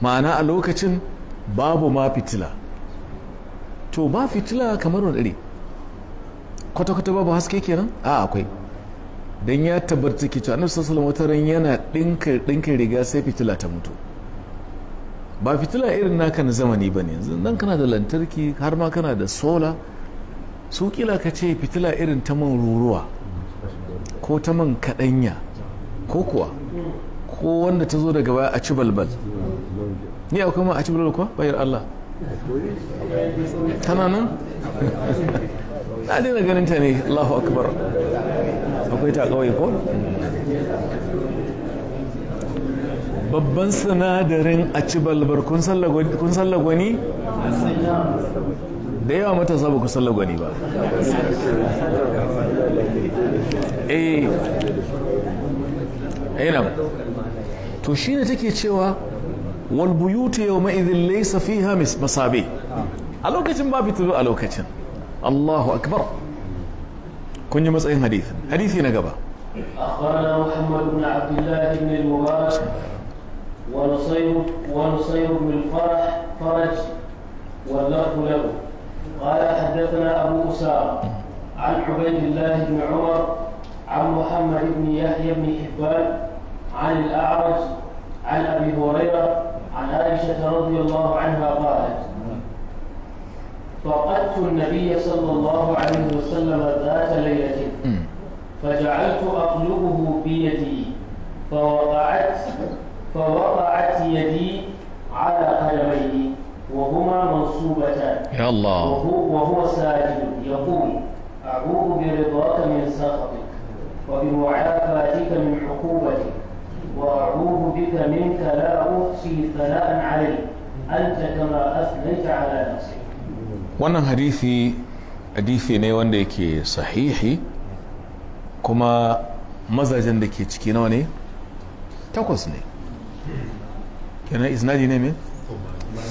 ma'ana a lokacin babu ma fitila to ba fitila kamar wadari kwata-kwata babu haske kenan a akwai don ya tabbata ke cewa nufisar sallallahu wata ran yana ɗinka riga sai fitila ta mutu ba fitila irin naka na zamani ba ne yanzu nan kana da lantarki har ma kana da sola su kila ka ce fitila irin ta man ruruwa ko ta man kaɗanya ko kuwa ko wanda ta zo daga baya a ci balbal ni akwai ma a ci balbal kuwa bayar Allah kana nan na daina ganin ta ne allahu akbar akwai ta kawai ko babban sinadarin a ci balbar kun sallagwani da yawa mata sabu ku sallagwani ba eh ainihin to shi ne take cewa wal buyutu yawma idhin laysa fiha masabi a lokacin ba fitilu a lokacin Allahu akbar kun ji matsayin hadithin hadithi na gaba أخبرنا محمد بن عبد الله بن المبارك ونصير ونصير بن الفرح فرج واللفظ له قال حدثنا أبو أسامة عن عبيد الله بن عمر عن محمد بن يحيى بن حبان عن الأعرج عن أبي هريرة عن عائشة رضي الله عنها قالت فقدت النبي صلى الله عليه وسلم ذات ليلة فجعلت أقلبه بيدي فوقعت فوقعت يدي على قدميه وهما منصوبتان يا الله وهو, وهو ساجد يقول أعوذ برضاك من سخطك وبمعافاتك من عقوبتك وأعوذ بك منك لا أحصي ثناء عليك أنت كما أثنيت على نفسك wannan hadisi hadisi ne wanda yake sahihi kuma mazajen da ke ciki nawa ne takwas ne kenan isnadi ne mai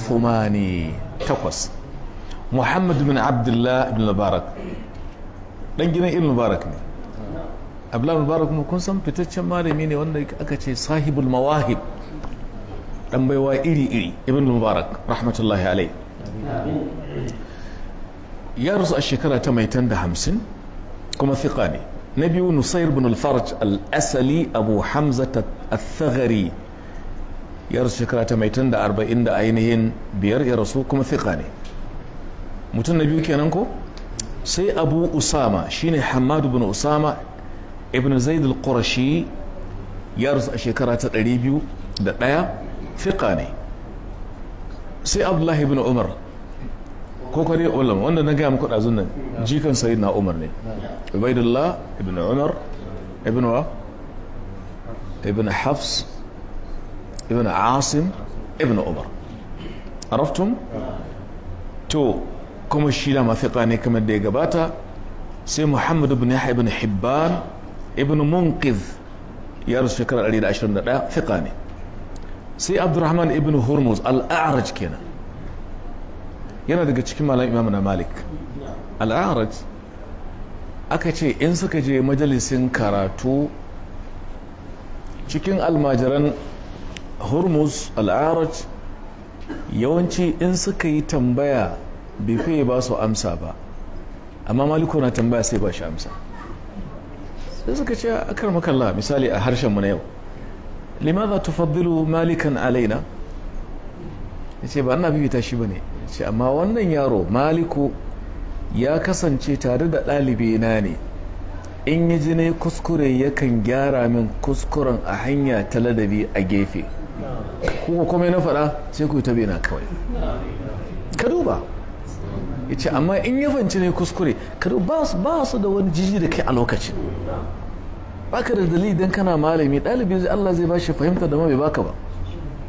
fumani takwas muhammad bin abdullah bin mubarak dan gidan ibn ne abdullahi mubarak kuma kun san fitaccen malami ne wanda aka ce sahibul mawahib dan baiwa iri iri ibn mubarak rahmatullahi alai ya rusu a shekara ta mai tan hamsin kuma thiqa ne na biyu nusair bin alfarj al-asali abu hamza al-thagari ya rasu shekara ta mai tan arba'in da ainihin biyar ya rasu kuma thiqa ne mutum na biyu kenan ko sai abu usama shine hamadu bin usama ibn zaid al-qurashi ya rasu a shekara ta 201 fiqa ne sai abdullahi ibn umar ko kare ulama wanda na gaya muku ɗazun nan jikan sayid na umar ne ubaidullah ibn umar ibn wa ibn hafs ibn asim ibn umar araftum to kuma shi da mafiƙa ne kamar da ya gabata sai muhammad ibn yahya ibn hibban ibn munqiz ya rasu shekarar 121 fiƙa ne sai abdurrahman ibn hurmuz al'araj kenan yana daga cikin malam imamu na malik al'araj aka ce in suka je majalisin karatu cikin almajiran hurmus al'araj yawanci in suka yi tambaya bai fiye ba su amsa ba amma maliku na tambaya sai ba shi amsa sai suka ce a kar makalla misali a harshen mu na yau limaza tufaddilu malikan alaina ya ce ba ina bibita shi ba ne ya ce amma wannan yaro maliku ya kasance tare da ɗalibi na ne in yi jinai kuskure kuskure yakan gyara min kuskuren a hanya ta ladabi a gefe kuma kuma na faɗa sai ku yi tabi na kawai ka duba ce amma in ya fanci ne kuskure kar ba su ba su da wani jiji da kai a lokacin ka da dalili dan kana malami ɗalibi zai Allah zai bashi fahimta da mabai bai baka ba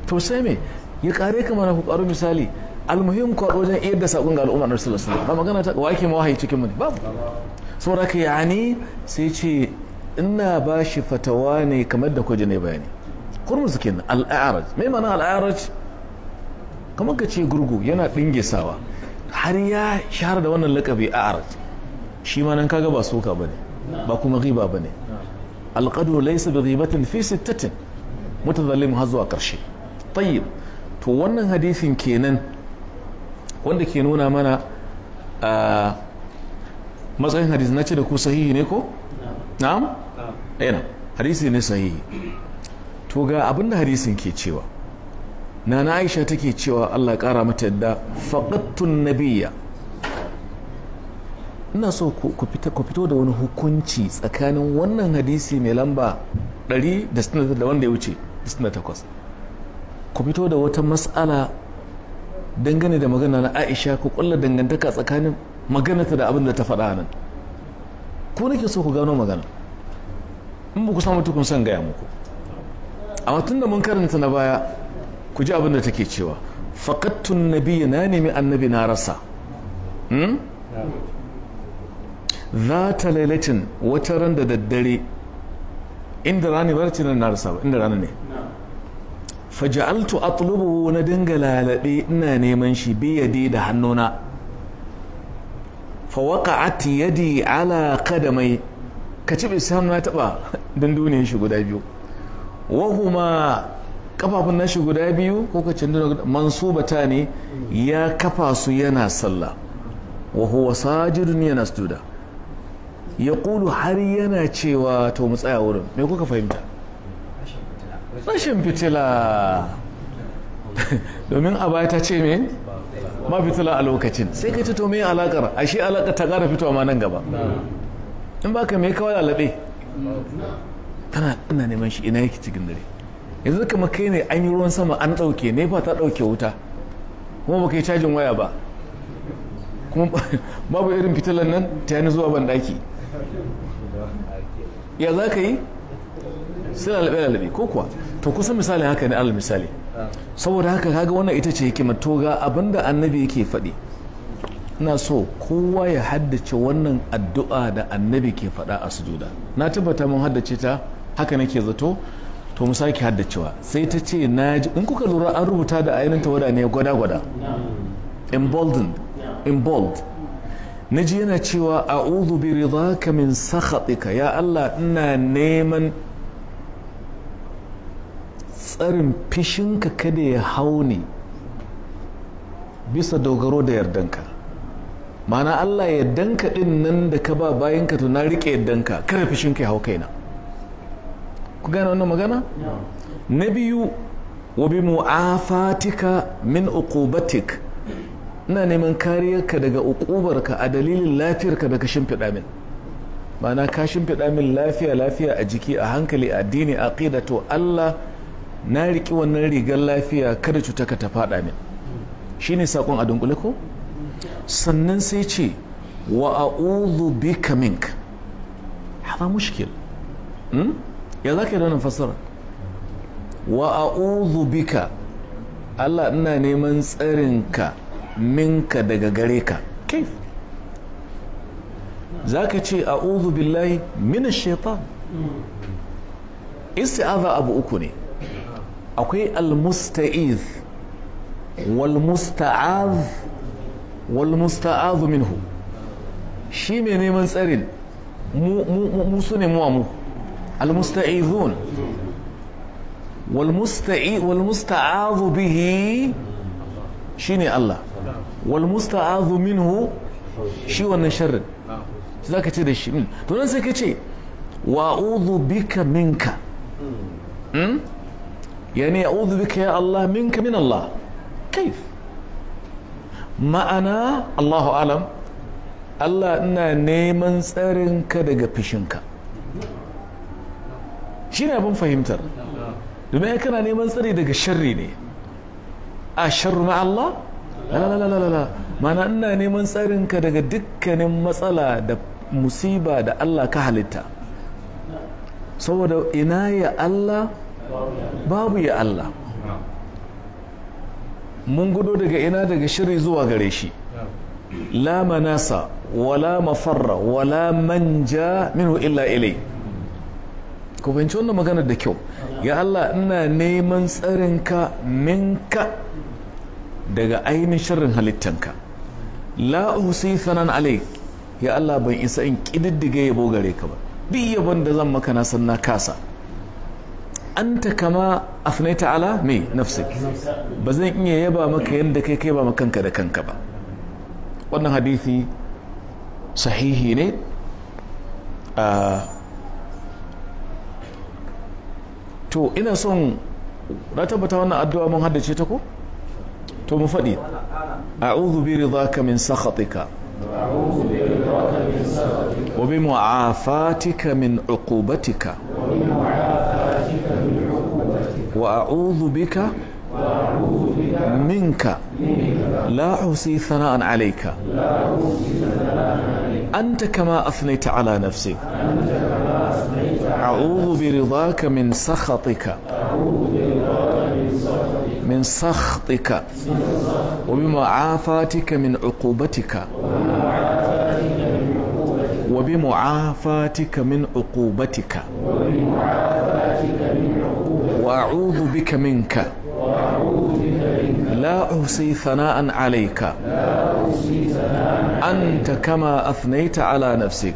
to sai me ya kare ka mana ku misali almuhim ko wajen iya da saƙon ga al'umma na sallallahu ba magana ta wake ma wahayi cikin mu ne babu saboda ka yani sai ce ina bashi fatawa ne kamar da kwaje ne bayani kurmus kenan al mai me ma'ana kamar ka ce gurgu yana sawa har ya shahara da wannan lakabi a arz shi ma nan kaga ba soka ba ne ba kuma ghiba ba ne alƙadu laisa bi ghibatin fi sittatin mutazallim har zuwa karshe tayyib to wannan hadisin kenan wanda ke nuna mana a matsayin hadisi na ce da ku sahihi ne ko na'am ɗaya eh, hadisi ne sahihi to ga abinda hadisin ke cewa nana aisha take cewa allah kara mata yadda faƙattun nabiya ina so ku fito da wani hukunci tsakanin wannan hadisi mai lamba 100 da wanda ya wuce 68 ku fito da wata matsala dangane da magana na aisha ku kulla dangantaka tsakanin maganata da abin da ta faɗa nan ko nake so ku gano magana in ba ku samu tukun son gaya muku amma tun da mun karanta na baya ku ji abin da take cewa faƙattun nabiya na nemi annabi na rasa hmm? za ta lailacin wata ran da daddare inda rani ba ce na rasa ba inda rani ne faja'altu atlubu na dinga lalabe ina neman shi biyade da hannuna fawaqa'at yadi ala kadamai kaci bi samu na taba *laughs* dan duniyar shi guda biyu wahuma kafafun nashi guda biyu ko ka mansu bata ne ya kafa su yana sallah wa huwa sajidun yana studa ya kulu har yana cewa to mu tsaya wurin me kuka fahimta rashin fitila *laughs* domin a baya ta ce me ma fitila a lokacin sai ka ce to me alakar shi alakar ta kara fitowa ma nan gaba in baka mai kawai lalabe tana ina neman shi ina yake cikin dare yanzu kama kai ne an yi ruwan sama an ɗauke ne ba ta ɗauke wuta kuma ka yi cajin waya ba kuma *laughs* babu irin fitilan nan ta yi zuwa bandaki ya za ka yi sai lalabe lalabe ko kuwa to kusa misali haka ne misali saboda haka kaga wannan ita ce hikimar to ga abinda annabi yake faɗi ina so kowa ya haddace wannan addu'a da annabi ke faɗa a sujuda na tabbata mun haddace ta haka nake zato to mu sake haddacewa sai ta ce na ji in kuka lura an rubuta da ainihin tawada ne gwada-gwada emboldened embold na ji yana cewa a bi ridaka min sakhatika ya Allah ina neman tsarin fishinka kada ya hau ni. bisa dogaro da yardanka mana Allah yardanka din nan da ka ba bayanka to na riƙe yardanka kada fishinka ya hau kaina ku gane wannan magana na biyu wa mu'afatika min ukubatik ina neman kariyarka daga uqubarka a dalilin lafiyarka daga shimfiɗa min ma'ana ka shimfiɗa min lafiya lafiya a jiki a hankali a dini a ƙida to Allah na riƙi wannan rigar lafiya kada cutaka ta faɗa min shine saƙon a dunkule ko sannan sai ce wa a'udhu bika mink hada mushkil hmm? ya za ka yi wannan fassara wa a'udhu bika Allah ina neman tsarinka minka daga gare ka kaif za ka ce a'udhu billahi min shaitan isti'aza abu uku ne akwai al-musta'iz wal musta'az wal musta'azu minhu shi mai neman tsarin mu su ne mu a mu المستعيذون والمستعي والمستعاذ به شيني الله والمستعاذ منه shi wannan sharrin za ka ce da shi to nan sai ka ce wa'udhu bika minka yani a'udhu bika ya Allah minka min Allah kaif ma'ana Allahu alam Allah ina neman tsarinka daga fishinka shine abin fahimtar domin ya kana neman tsari daga sharri ne a sharru ma Allah mana ina neman tsarin ka daga dukkanin matsala da musiba da Allah ka halitta saboda ina ya Allah babu ya Allah mun gudo daga ina daga shiri zuwa gare shi la manasa wala mafarra wala manja minu illa ilai ku fahimci wannan magana da kyau ya Allah ina neman tsarinka minka daga ainihin shirin halittanka la sanan alai ya Allah ban isa in kididdige yabo gare ka ba duk yabon da zan maka na san na kasa anta kama afnaita ala me nafsik ba zan iya yaba maka yadda kai kai ba makanka da kanka ba wannan hadithi sahihi ne a ah, to ina son na tabbata wannan addu'a mun haddace ta ko to mu faɗi a'udhu bi ka min sakhatika wa bi mu'afatika min uqubatika wa a'udhu bika منك لا أحصي ثناء عليك أنت كما أثنيت على نفسي أعوذ برضاك من سخطك من سخطك وبمعافاتك من عقوبتك وبمعافاتك من عقوبتك وأعوذ بك منك لا أحصي ثناء عليك أنت كما أثنيت على نفسك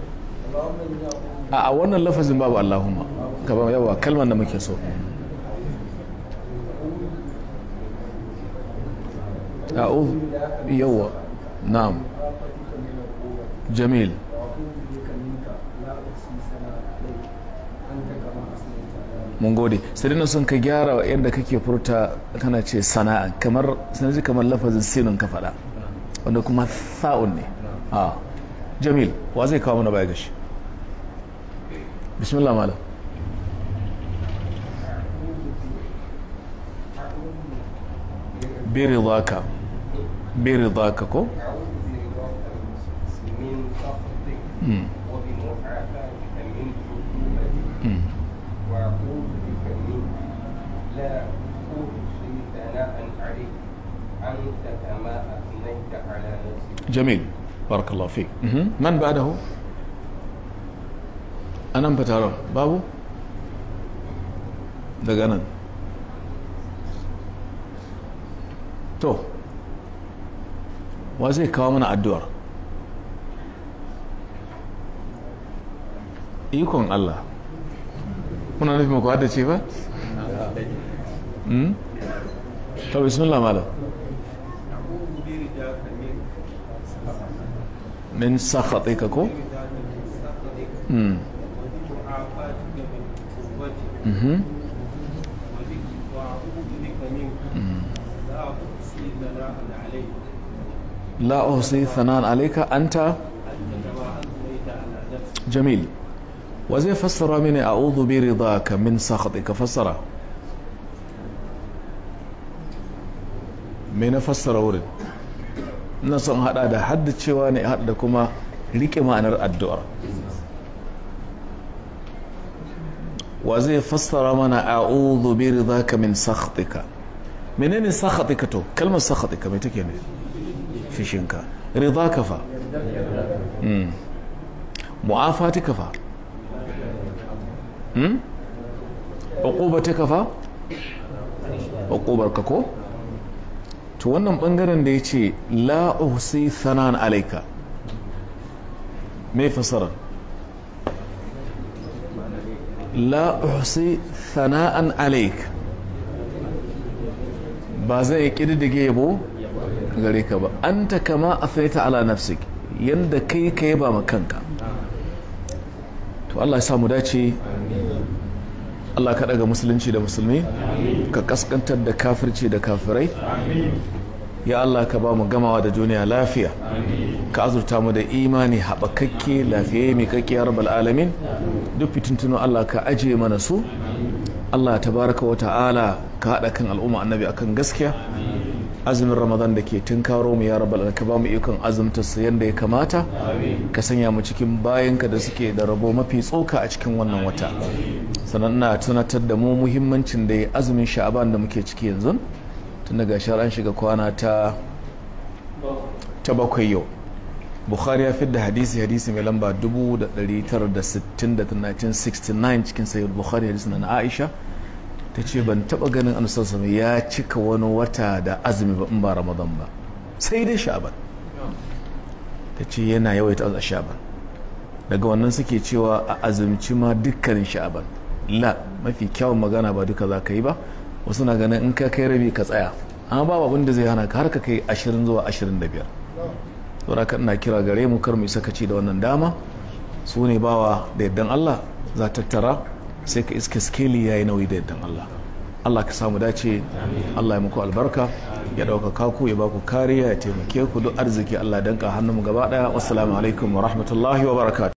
a wannan lafazin babu allahumma gaba yawa kalmar da muke so yau yawa na'am jamil mun gode sai sun ka gyara wa yadda kake furta kana ce sana'a kamar sanaji kamar lafazin sinin ka faɗa wanda kuma sa'un ne jamil wa zai kawo mana baya gashi بسم الله مالك برضاك برضاك كو من واعوذ بك منك لا ثناء عليك انت كما اثنيت على جميل بارك الله فيك من بعده؟ a nan fataron babu daga nan to wa zai kawo mana addu'ar ikon Allah kuna nufi maku hada ce ba? ta hmm? bismillah malam min sakhatika ko? Hmm. Mm-hmm. Mm. La Alika, anta? Jamil, wa zai fassara mini a uzu bi rida ka min sakhatika fassara? Me na fasara wurin? Ina son hada da haddacewa ne haɗa da kuma riƙe ma'anar addu'a. wa zai fassara mana a a'udhu bi ridaka min sakatika sakhatika ne sakatika to kalmar sakatika mai take ne fishinka ridaka fa mm mu'afatika fa ta hmm? uqubatika fa ka ko to wannan bangaren da yace la uhsi thanan alayka mai fassara la uhsi thana'an alaik ba zai kididdige yabo gare ka ba anta kama afnaita ala nafsik yadda kai ka yaba ma kanka to Allah ya samu dace Allah ka daga musulunci da musulmi ka kaskantar da kafirci da kafirai ya Allah ka ba mu gamawa da duniya lafiya ka azurta mu da imani haɓakakke lafiya mai kakkiyar bal'alamin duk fitintunu Allah ka ajiye mana su Allah ta baraka wa ta'ala ka haɗa kan al'umma annabi akan gaskiya azumin ramadan da ke tunkaro mu ya rabbal ka ba mu ikon azumta su yanda ya kamata ka sanya mu cikin bayanka da suke da rabo mafi tsoka a cikin wannan wata sannan na tunatar da mu muhimmancin da azumin sha'aban da muke ciki yanzu tun daga shara'an shiga kwana ta ta bakwai yau bukhari ya fidda hadisi hadisi mai lamba 1969 cikin sayi bukhari hadisi na aisha ta ce ban taba ganin annabi mai ya cika wani wata da azumi ba in ba ramadan ba sai dai sha'aban ta ce yana yawaita a sha'aban daga wannan suke cewa a azumci ma dukkanin sha'aban la mafi kyawun magana ba duka za ka yi ba wasu na ganin in ka kai rabi ka tsaya amma ba abin da zai hana ka har ka kai 20 zuwa 25 saboda ina kira gare mu kar mu isa ci da wannan dama su ne bawa da yaddan Allah za ta tara sai ka iska skeli yi nauyi da yaddan Allah Allah ka samu dace Allah ya muku albarka ya ɗaukaka ku ya baku kariya ya taimake ku duk arziki Allah danka hannun mu gaba daya wassalamu alaikum wa rahmatullahi wa barakatuh